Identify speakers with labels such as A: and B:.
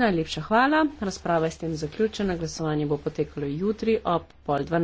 A: Najlepša hvala. Razprava je s tem zaključena. Glasovanje bo potekalo jutri ob pol dvanajstih.